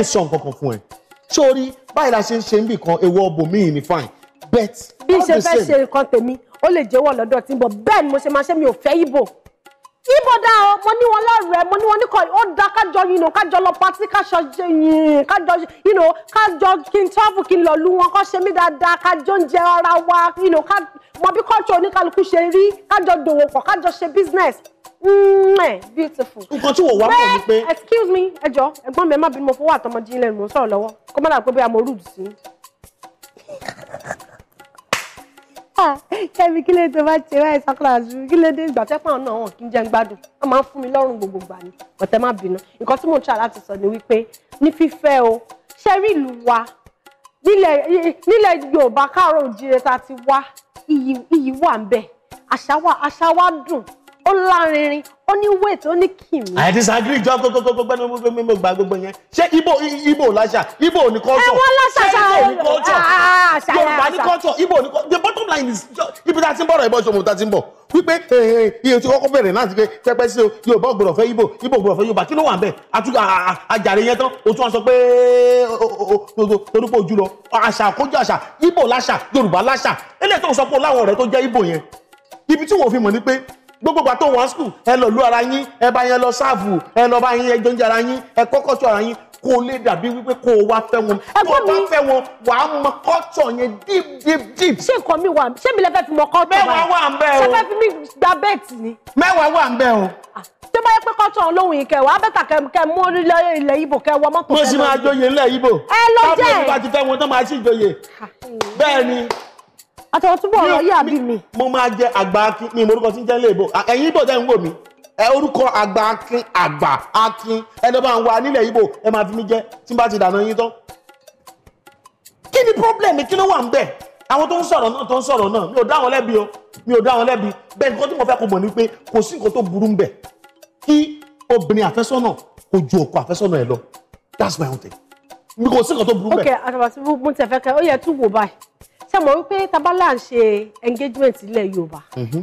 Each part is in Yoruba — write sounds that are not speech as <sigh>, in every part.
kí n sọ nǹkan kan fún ẹ sórí báyìí la ṣe ń ṣe ń bì kan ewu ọbọ mi ni fine bet bí ṣe fẹ́ ṣe nǹkan tèmi ó lè jẹ́wọ́ lọ́dọ̀ tí ń bọ̀ bẹ́ẹ̀ ni mo ṣe máa ṣe mi ò fẹ́ ibo ibo dá o mo ní wọn lọ́rẹ̀ẹ́ mo ní wọn níkọ̀ ó da kájọ yìnyín kájọ lọ pátí kájọ yìnyín kájọ yìnyín kájọ kí n travel kí n lọ lu wọn kọ́ ṣe mí dáadáa kájọ ń jẹ ara wa mọ bí culture oníkálukú ṣe rí kájọ dòwò kájọ ṣe business beautiful. nǹkan tí wò wá mọ̀ ni pé. excuse me ẹ jọ ẹ̀gbọ́n mi ẹ má bínú mo fọwọ́ àtọmọdé lẹ́nu mo sọ̀rọ̀ lọ́wọ́ kó má dà pé bóyá mo rúdù sí i <laughs> ah, kẹ́mi kí ló tó bá ṣe wáyé sakurazu kí ló dé ìgbà tẹ́pọ̀n náà hàn kí n jẹ́ ń gbádùn wọ́n máa ń fún mi lọ́rùn gbogbo gbà ni ọ̀tẹ́ má bínú nǹkan tí mò ń ṣà láti sọ ni wípé ní fífẹ́ o ṣe rí ìlú wa nílẹ̀ Yorùbá káàárọ̀ òjíire ta ti wá iyì wà ń bẹ̀ àṣà wa dùn ó lárinrin ó ní wait ó ní kìmí. I disagree jọ gbogbogbogbo mímú gba gbogbo yẹn ṣé ibo ibo láṣà ibo ní culture ẹ̀wọ́n láṣà ṣe ibo ní culture ah, ah, ah, Yorùbá ní culture ibo ní culture the bottom line is ibi tá a ti ń bọ̀rọ̀ ìbọn ṣòwò tá a ti ń bọ̀ wípé eh, eh, iye tí kọ́kọ́ bẹ̀rẹ̀ náà ti pé pẹ́pẹ́ sí o Yorùbá gbọ́dọ̀ fẹ́ ibo ibo gbọ́dọ̀ fẹ́ Yorùbá kí ló wà bẹ́ẹ̀ àtúkọ̀ àjàre yẹn tán o tún wá sọ pé torípò ojú lọ àṣà àkójọ àṣà ibo láṣà Yorùbá láṣà eléyìí tó ń sọ pé o láwọn ọ̀rẹ́ tó jẹ́ ibo yẹn ibi tí wọ́n fi mọ̀ ni pé gbogbo ìgbà tó wọ́n skul ẹ lọ lu ara yín ẹ bá yẹn lọ sáàfù ẹ lọ bá yín ẹ jọ ń jẹ ara yín ẹ kọ́kọ́ tó ara yín kó lè dàbí wípé kó o wá fẹ́ wọn kó o bá fẹ́ wọn wà á mọ kọ́tọ̀ yẹn deep deep deep. ṣé nǹkan mi wà ṣé mi lè fẹ́ fi mọ kọ́tọ̀ báyìí mẹ́wàá wà ń bẹ́ o ṣé fẹ́ fi mi gba bẹ́ẹ̀tì ni. mẹ́wàá wà ń bẹ́ o. Ah, tó bá yẹ pé kọ́tọ̀ olóhùn yìí kẹwàá bẹ́tà kẹ mú orílẹ̀ ilẹ̀ ibo kẹwà mọ́tò fẹ́ lọ. mo sì máa joyè ilẹ̀ ibo. ẹ lọ jẹ́ ẹ àtọ̀túbọ̀ ọ̀rọ̀ yà bí mi. mo máa jẹ àgbà akin mi ìmọ̀ orúkọ tí ń jẹ́ léèbó ẹ̀yin ibò tẹ́ ń wò mí ẹ orúkọ àgbà akin àgbà akin ẹni bá ń wa nílẹ̀ ibo ẹ máa fi mí jẹ tí n bá ti dànà yín tán. kí ni problem kí ló wà ń bẹ̀ àwọn tó ń sọ̀rọ̀ náà tó ń sọ̀rọ̀ náà mi ò dá wọn lẹ́bi o mi ò dá wọn lẹ́bi bẹ́ẹ̀ nǹkan tí mo fẹ́ kó mọ̀ ni pé kò sí nǹkan tó burú ń bẹ̀ kí obìnrin àfẹ́sọ́nà kò ju ọkọ àfẹ́sọ́nà ẹ lọ that's my own thing mi kò sí nǹkan tó burú ń bẹ̀. ok àtàwọn àti mo tẹ̀ fẹ́ kẹ́ ó yẹ tún wò báyìí ṣe mọ̀ wípé tabalà ń ṣe engagement ilẹ̀ Yorùbá mhm.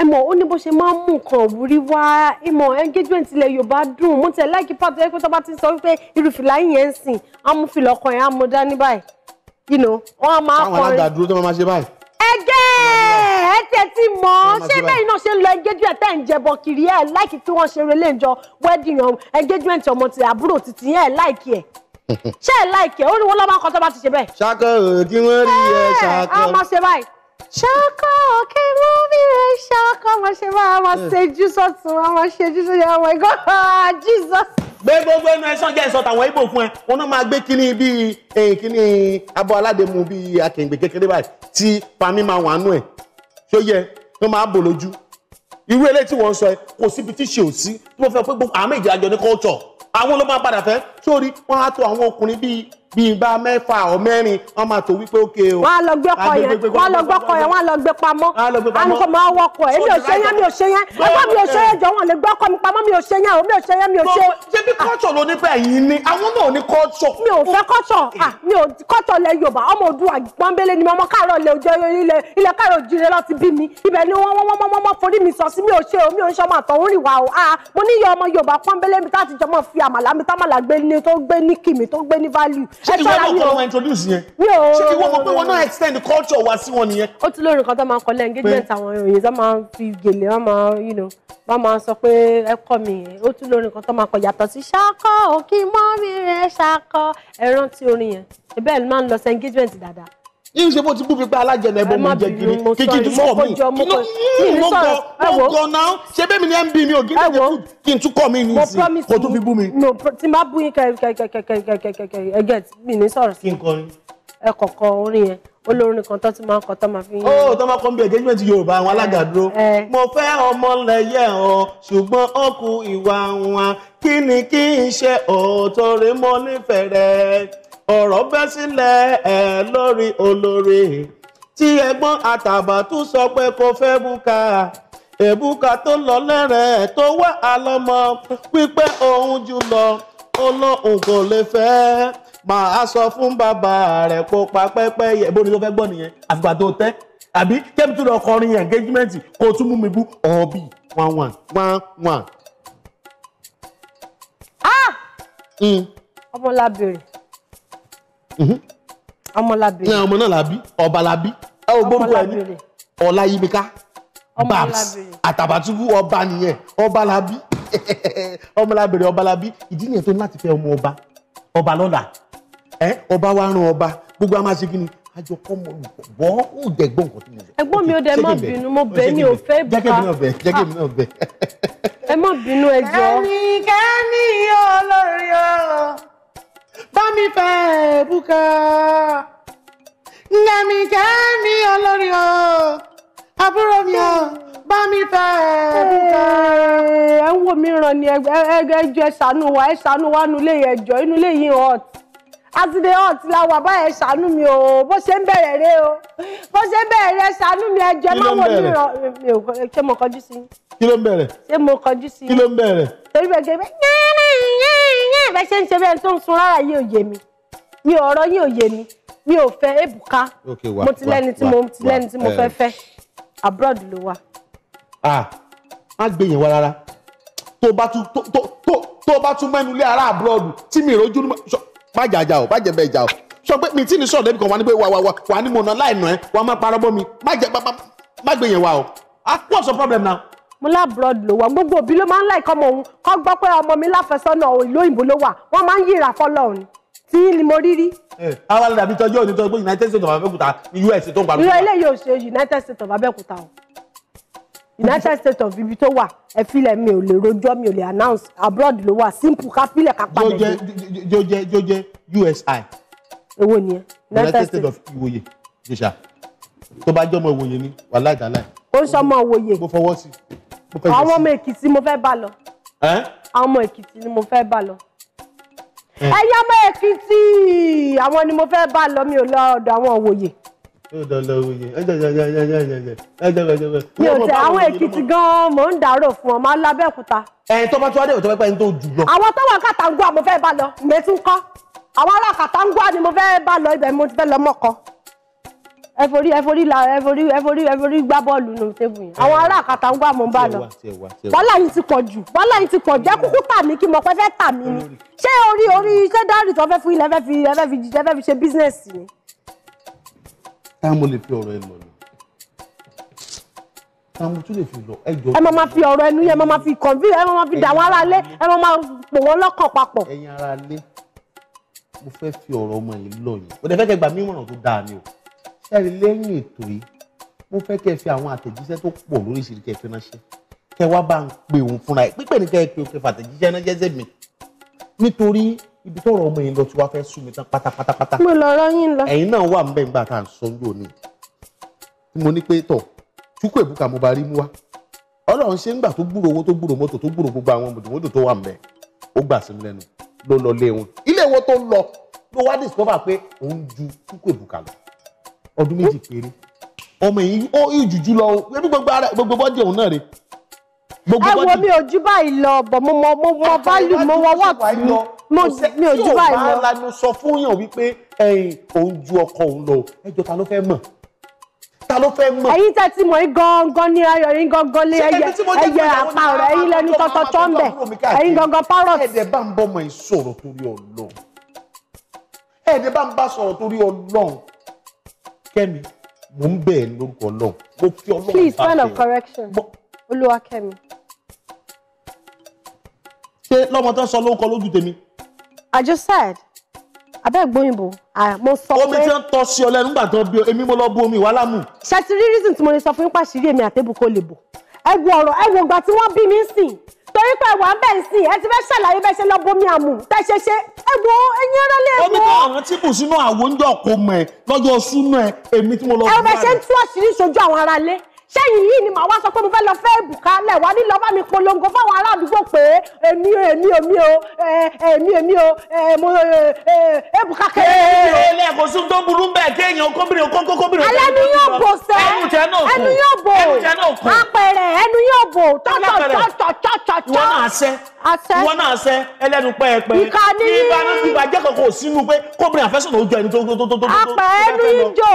ẹ mọ̀ ó ní bó ṣe máa ń mú nǹkan òwúrí wá ẹ engagement ilẹ̀ Yorùbá dùn mo tẹ̀ láìkí pàtó ẹ pé tó bá ti sọ wípé irú fìlà yìí yẹn ń sìn amúfilà ọkọ yẹn á mọ dání báyìí wọn a máa kọrin. àwọn aládàá dúró tó máa ṣe báyìí ẹgẹ́ ẹ tẹ ti mọ̀ ṣé bẹ́ẹ̀ náà ṣe ń lọ engagement ẹ̀ ń jẹbọ kiri ẹ̀ láìkí tí wọ́n ṣe relé ìjọ wedding engagement ọmọ ti àbúrò tìtì yẹn láìkí ẹ̀ ṣé ẹ láìkẹ́ ó ní wọn lọ́mọ kan tó bá ti ṣe bẹ́ẹ̀. ṣáká kí wọ́n rí ẹ ṣáká. a máa ṣe báyìí. ṣáká kí wọ́n rí ẹ ṣáká a máa ṣe báyìí a máa ṣe jùsọ̀ tún a máa ṣe jùsọ̀ yẹn àwọn ẹ̀gọ́ Jesus. gbé gbogbo ẹnu ẹsán jẹ́ ìsọ tàwọn ibo fún ẹ wọn náà máa gbé kíní bíi ẹyìn kíní abọ́ aládému bíi akẹ̀ǹgbẹ̀ kékeré báyìí tí pami máa wà nú ẹ̀ tó yẹ tó máa bò lójú irú eléyìí tí wọ́n sọ ẹ kò síbi tí ṣe ò sí tó fẹ́ pé gbogbo àmì ìjìnlẹ̀ àjọ ní culture àwọn ló máa padà fẹ́ sórí wọn á tó àwọn ọkùnrin bíi bíi bá mẹ́fà ọ mẹ́rin wọn máa tó wípé ókè o. wọn á lọ gbé ọkọ yẹn wọn á lọ gbé ọkọ yẹn wọn á lọ gbé pamọ́ alùpùpù máa wọkọ èmi ò ṣe yẹn mi ò ṣe yẹn ẹ̀gbọ́n mi ò ṣe yẹn jọ wọn lè gbé ọkọ mi pamọ́ mi ò ṣe yẹn o mi ò ṣe yẹn mi ò ṣe. ṣé bí kọ́tọ̀ ló ní pẹ́ ẹ̀yin ni àwọn náà ní kọ́tọ̀. mi ò fẹ́ kọ́tọ̀ ah, mi ò kọ́tọ̀ lẹ Yorùbá ọmọ Oòduà pọ́nbélé ni ọmọ káàárọ̀ lè jẹ ilẹ̀ ilẹ̀ káàárọ̀ jire lọ ti bí mi ibẹ̀ ni wọ́n wọ́n wọ́n wọ́n forí mi sọ sí mi ò ṣe o mi ò ń ṣọmọ àtọ̀húnrìnwá o ah, mo níyọ ọmọ Yorùbá pọ́nbélé mi tá àtijọ́ mọ̀ fi àmàlà mi tá àmàlà gbé n lè tó gbé ní kìmí tó gbé ní value. ṣé ìwọ náà kọ́ wọn introduce yẹn. mi ò ṣé ìwọ mọ̀ pé wọn náà extend culture wa sí wọn nìyẹn. ó ti lórí nǹkan tó máa ń kọ lẹ́ engagement àwọn òye tó máa ń fi gèlè wọn máa you know wọn máa sọ pé ẹ kọ́ mi yẹn ó ti lórí nǹkan tó máa kọ yàtọ̀ sí ṣákọ́ òkè mọ́mí rẹ̀ ṣákọ́ ẹ̀rántí orin yẹn ìbẹ́ẹ̀ ló máa ń lọ sí engagement dáadáa yín ṣe bó ti bú mi pé alájẹnà ẹbọ mo jẹ gidi kìkì tún kọ mí kí mo gbọ mo gbọ náà ṣe bẹ́ẹ̀ mi ni mb mi ò gíga jẹ kí n tún kọ mí ní ìsìn kò tún fi bú mi. no tí n bá bú yín kẹkẹkẹkẹkẹkẹkẹ ẹgẹ mi ní sọ̀rọ̀ sí ẹ kọkọ orin yẹn olórin kan tó ti máa ń kọ tó máa fi yín. ó oh, tó máa kọ́ ń bí engagement yorùbá àwọn alága dúró. Eh, eh. mo fẹ́ ọmọlẹ́yẹ ọ ṣùgbọ́n ọkùn ìwà wọn kí ni kí n ṣe ọ̀ọ́tọ̀ rẹ̀ mọ́ nífẹ̀ẹ́ rẹ̀ ọ̀rọ̀ bẹ́ sílẹ̀ ẹ̀ lórí olóore tí ẹ̀gbọ́n àtàbàtú sọ pé kò fẹ́ bùkà èbùkà tó lọ lẹ́rẹ̀ẹ́ tó wá àlọ́mọ pípẹ́ òun jùlọ olóhùn kò lè fẹ́ màá sọ fún bàbá rẹ̀ kó pa pẹ́pẹ́ yẹ bó ni ló fẹ́ gbọ́ nìyẹn àgbà tó tẹ́ àbí kẹ́mi tún lọ kọrin engagement kó tún mú mi bú ọ̀ọ́bì wọ́n wọ́n wọ́n wọ́n. Ah! Hmm. ọmọlábìrin ọmọ labire náà ọmọ náà labi ọba labi ẹ ò gbórúkọ ẹni ọláyíbíká babs àtàbàtúbú ọba nìyẹn ọba labi ọmọ labire ọba labi ìdí nìyẹn tó ní láti fẹ́ ọmọ ọba ọba lọ́la ẹ ọba wa ran ọba gbogbo a máa ni àjọ kọ́ mọ bọ́ ó dẹ̀ gbọ́ nǹkan tó ń lọ. ẹ̀gbọ́n mi ò dẹ̀ má bínú mo bẹ̀ mi ò fẹ́ bá jẹ́gẹ́ mi náà bẹ̀ jẹ́gẹ́ mi náà bẹ̀. ẹ má bínú ẹ ẹnì kẹ́ mi fẹ́ bùkà ǹgàmì kẹ́mi olórí o àbúrò mi o bá mi fẹ́ bùkà. ẹ ń wò mí ràn ní ẹjọ ẹ ṣàánú wa ẹ ṣàánú wa nulẹ ẹjọ inú ilé yìí hot àtìdé hot la wà báyẹn ṣàánú mi o bó ṣe ń bẹ̀rẹ̀ rẹ o bó ṣe ń bẹ̀rẹ̀ rẹ ṣàánú mi ẹjọ ẹ má wò mí ràn ṣé mo kọjú sí kí ló ń bẹ̀rẹ̀. ṣé mo kọjú sí kí ló ń bẹ̀rẹ̀. torí bẹ̀rẹ̀ gẹ́gẹ́ bá ṣe ń ṣe bẹ́ẹ̀ tó ń sun lára yìí ò yé mi mi ọ̀rọ̀ yìí ò yé mi mi ò fẹ́ èbùká mo ti lẹ́ni tí mo ti lẹ́ni tí mo fẹ́ fẹ́ abroad ló wà. ah má gbé yẹn wá rárá tó bá tún tó tó tó bá tún mẹ́nu lé ará abroad tí mi ìrojú má jàjà o má jẹ bẹ́ẹ̀ jà o sọ pé mi tí ní sọ̀rọ̀ débi kan wà ní pé wà wà wà wà ní mo ná láì nà ẹ́ wà má parọ́ bọ́ mi má jẹ má gbé yẹn wá o ah what's the problem now mo lábúrọ̀d ló wà gbogbo òbí ló máa ń láìkọ́ ọmọ òun kọ́ gbọ́ pé ọmọ mi láfẹsọ́nà ìlú òyìnbó ló wà wọ́n máa ń yíra fọlọ́run tí ni mo rí rí. àwa lè dàbí tọjọ́ òní tó gbé United States of Abẹ́òkúta US tó ń gbàgbọ́. irọ́ eléyìí ò ṣe United States of Abẹ́òkúta o United States of ibi tó wà ẹ filẹ̀ mi ò lè rojọ́ mi ò lè announce abroad ló wà simple ká filẹ̀ ká palẹ̀ dé. jọjẹ jọjẹ USI. èwo ni ẹ United States of Ìwòye Ìjẹ̀ṣà tó bá jọmọ Ìwòye ni wàhálà ìdálà. ó ń sọmọ Ìwòye. mo fọwọ́ sí i àwọn ọmọ èkìtì mo fẹ́ bá lọ àwọn ọmọ èkìtì ni mo fẹ́ bá lọ ẹ̀yà ọmọ èkìtì àwọn ni mo fẹ́ bá lọ mi ò lọ ọ̀dọ̀ àwọn òwòye mi ò tẹ àwọn èkìtì gan-an mò ń dàrò fún ọ máa ń lábẹ́òkúta. ẹ tó bá tó wá dé òtọ́ pẹ́pẹ́ ní tó jù lọ. àwọn tó wà kàtàǹgùà mo fẹ́ bá lọ ìmẹ̀tún kọ́ àwọn ará kàtàǹgùà ni mo fẹ́ bá lọ ibẹ̀ mo ti fẹ́ lọ mọ́kọ ẹ forí ẹ forí la ẹ forí ẹ forí ẹ forí gbá bọ́ọ̀lù nù tébù yẹn àwọn ará àkàtà ń gbà mọ́ bá lọ wàhálà yìí ti pọ̀ jù wàhálà yìí ti pọ̀ jẹ́ kúkú tà mí kí mo pẹ́ fẹ́ tà mí ni ṣé orí orí ṣé dáàrì tó fẹ́ fún ilẹ̀ fẹ́ fi ẹfẹ́ fi jíjẹ fẹ́ fi ṣe bísínẹ́sì ni. táàmù lè fi ọ̀rọ̀ ẹ lọ ni táàmù tún lè fi lọ ẹ jọ. ẹ máa máa fi ọ̀rọ̀ ẹnu yẹn máa máa fi kọ̀ǹfì ẹ máa máa fi dà wọ́n ara lé ẹ máa máa mo fẹ́ fi ọ̀rọ̀ ọmọ sẹ́rí lẹ́yìn ètò yìí mo fẹ́ kẹ́ ẹ fi àwọn àtẹ̀jíṣẹ́ tó pọ̀ lóríṣiríṣi kẹ́ ẹ fi ránṣẹ́ kẹ́ ẹ wá bá ń pè òun fúnra ẹ̀ pípẹ́ ní kẹ́ ẹ pé o fẹ́ fàtẹ̀jíṣẹ́ ránṣẹ́ sí mi nítorí ibi tọ́rọ̀ ọmọ yìí lọ tí wàá fẹ́ sún mi tán pátápátápátá. mo lọ rán yín lọ. ẹ̀yin náà wà ń bẹ̀ ńgbà tá à ń sọ yóò ní. mo ní pé tọ̀ chukwu ebuka mo bá rí mú wa ọlọ́run ṣe ń gbà tó gbúrò owó tó gbúrò mọ́tò tó gbúrò gbogbo àwọn mọ̀tòmọ́tò tó wà ń bẹ̀ ó gbà sí mi lẹ́nu ló lọ lé wọn ilé wọn tó lọ ló wá discover pé òun ju chukwu ebuka lọ ọdún méjì péré ọmọ yìí ó ìjùjú lọ ebi gbogbo ara gbogbo bọ́dì òun náà rè. ẹ wo mi ò báyìí lọ bọ̀ mo mọ mo mọ báàlù mo wọ wọ́ọ̀tì mi mi ò báyìí lọ. tí o bá lanu sọ fún yàn wípé ẹyin òun ju ọkọ òun lọ ẹjọ́ ta ló fẹ́ mọ̀ ta ló fẹ́ mọ̀. ẹ̀yin tẹ́ ti mọ̀ yín gangan ní ayọ̀ yín gangan lé ẹyẹ ẹyẹ àpá ọ̀rọ̀ lẹnu tọ́tọ́ tó ń gangan parrot. ẹ̀ẹ́dẹ̀ bá ń bọ́ ọmọ yìí sọ̀rọ̀ torí Ọlọ́run ẹ̀ẹ́dẹ̀ bá ń bá sọ̀rọ̀ torí Ọlọ́run Kẹ́mi mo ń bẹ̀ ẹ́ lórúkọ Ọlọ́run mo fi Ọlọ́run bá bẹ̀ ẹ́. please sign of correction Olúwakẹ́mi. ṣé lọ́mọ tó ń sọ lórúkọ lójú tèmi. I just said abẹ́gbóyìnbó mo sọ pé. omi tí ń tọ́ sí ọ lẹ́nu nígbà tó bí èmi mo lọ bu omi ìwálá mu. ṣe ti rí reason tí mo lè sọ fún yín pàṣírí èmi àtẹ́bù kò lè bò ẹ wo ọ̀rọ̀ ẹ wo ìgbà tí wọ́n bí mi sìn torí pé wà á bẹ̀ sí ẹ ti fẹ́ ṣàlàyé bẹ́ẹ̀ ṣe lọ bomi àmù tẹ́ ṣe ṣe ẹ wo ẹyin ẹran lè wọ. ó ní kí àwọn tí kò sínú àwọn oúnjẹ ọkọ mọ ẹ lọ́jọ́ súnú ẹ èmi tí mo lọ. ẹ bẹ ṣe ń tú àṣírí sojú àwọn ará lé sẹ́yìn yìí ni màá wá sọ pé mo fẹ́ lọ fẹ́ ìbùkálẹ̀ wá nílọ bá mi polongo fáwọn ará àdúgbò pé èmi o èmi o mi o èmi èmi o mo èbùkà kẹrẹ. ee lẹ́ẹ̀kọ́ sí tó burú bẹ́ẹ̀ kéèyàn kóbìnrin kókó kóbìnrin. alẹ́ ni yóò fẹ́ ẹnu tẹ náà kò ẹnu yóò bò ẹnu tẹ náà kò apẹ̀rẹ̀ ẹnu yóò bò tọ́tọ̀tọ̀tọ̀tọ̀ ìwọ náà sẹ́ ìwọ náà sẹ́ ẹlẹ́nu pẹ́ẹ́pẹ́ ìka ní ìbá ìbá jẹ́ kọ̀ọ̀kan sínú pé kóbìnrin àfẹ́sọ̀nà ó jọ ẹni tó tó tó tó tó apẹ̀ ẹnu yìí jò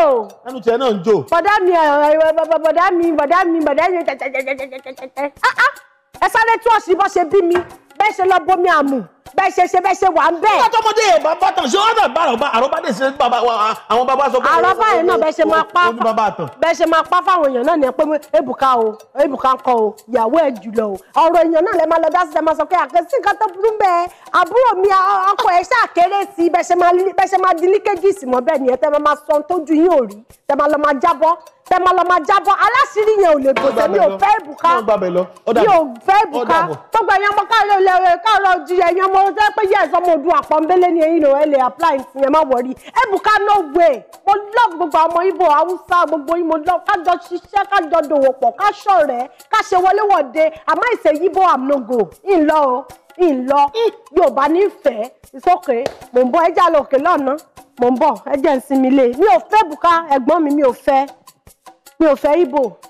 ẹnu tẹ náà jò. bọ̀dá mi bọ̀dá mi bọ̀dá mi bọ̀dá mi tẹ̀tẹ̀tẹ̀tẹ̀tẹ̀ ah, ah. ẹ sáré tí wọ́n sì bọ́ ṣe bí mi bẹ́ẹ̀ ṣe lọ bómi àmù bẹ́ẹ̀ ṣe ṣe bẹ́ẹ̀ ṣe wà ń bẹ́ẹ̀. bàtà ọmọdé bàbá tán ṣé wọn náà bá àròbá àròbá dé ṣe bàbá àwọn bàbá sọ pé. àròbá yẹn náà bẹ́ẹ̀ ṣe máa pa bẹ́ẹ̀ ṣe máa pa fáwọn èèyàn náà ni pé Ebuka o Ebuka ńkọ́ o ìyàwó ẹ̀ jùlọ o ọ̀rọ̀ èèyàn náà lẹ máa lọ dá máa sọ pé àkẹ́sí nǹkan tó burú bẹ́ẹ̀ àbúrò mi ọkọ ẹ̀ ṣáà sí i bẹ́ẹ̀ ṣe máa di líkéjì ìsìnmọ́ tẹ máa lọ máa jábọ́ aláṣírí yẹn ò lè bò tẹ mi ò fẹ́ ìbùká mi ò fẹ́ ìbùká tó gba ẹ̀yàn ọmọ káàrọ̀ ilẹ̀ rẹ̀ káàrọ̀ ju ẹ̀yàn ọmọ tó pé yẹ ẹ̀sọ́ ọmọ ọdún àpọ́nbélé ni ẹ̀yin lò ẹ̀ lè apply ní ẹ̀ má wọ̀rí ìbùká no way mo love gbogbo ọmọ ibo Haúsá gbogbo yìí mo love kájọ ṣiṣẹ́ kájọ dòwò pọ̀ káṣọ rẹ̀ káṣe wọléwọ̀de àmọ́ ìṣe yíbo àmúnogò ńlọ o ńlọ Yorùbá nífẹ̀ẹ́ ìsókè mò ń bọ̀ ẹjẹ́ àlòkè lọ́nà mò ń bọ̀ ẹjẹ́ ìsinmi lé mi ò fẹ́ bùká ẹ̀gbọ́n mi mi ò fẹ́ meu ò